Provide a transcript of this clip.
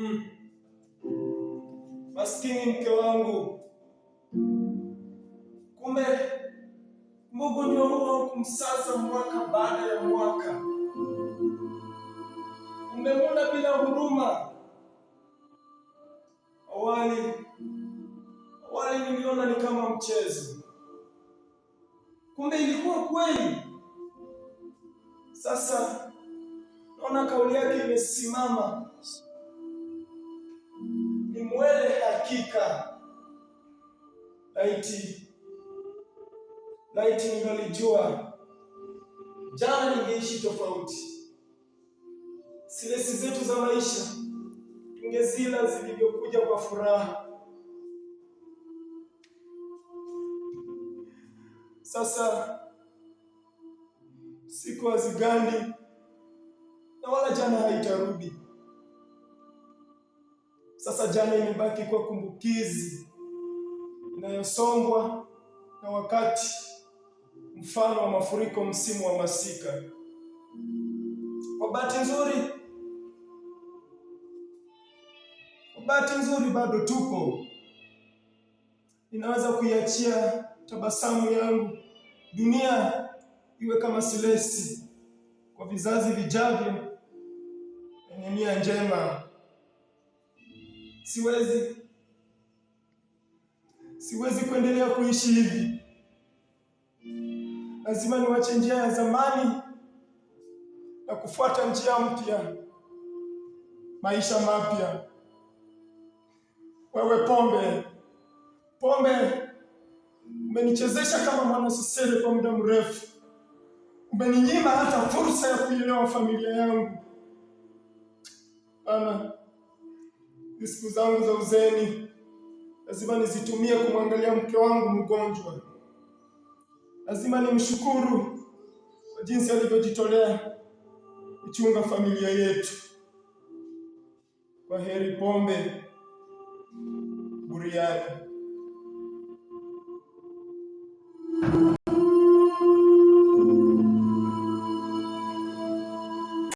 masikini mm. Maskini mke wangu, kumbe mgonjwa huo kumsasa mwaka baada ya mwaka, umemwona bila huruma. Awali awali niliona ni kama mchezo, kumbe ilikuwa kweli. Sasa naona kauli yake imesimama hakika. Laiti laiti ningalijua jana, ningeishi tofauti. Silesi zetu za maisha tungezila zilivyokuja kwa furaha. Sasa siku hazigandi na wala jana haitarudi. Sasa jana imebaki kuwa kumbukizi inayosongwa na wakati, mfano wa mafuriko msimu wa masika. Kwa bahati nzuri, kwa bahati nzuri bado tuko, ninaweza kuiachia tabasamu yangu dunia iwe kama silesi kwa vizazi vijavyo enye nia njema siwezi, siwezi kuendelea kuishi hivi, lazima niwache njia ya zamani na kufuata njia mpya, maisha mapya. Wewe pombe, pombe umenichezesha kama mwanasesere kwa muda mrefu, umeninyima hata fursa ya kuielewa familia yangu ana siku zangu za uzeni lazima nizitumie kumwangalia mke wangu mgonjwa. Lazima nimshukuru kwa jinsi alivyojitolea kuchunga familia yetu. Kwa heri Pombe Buriani.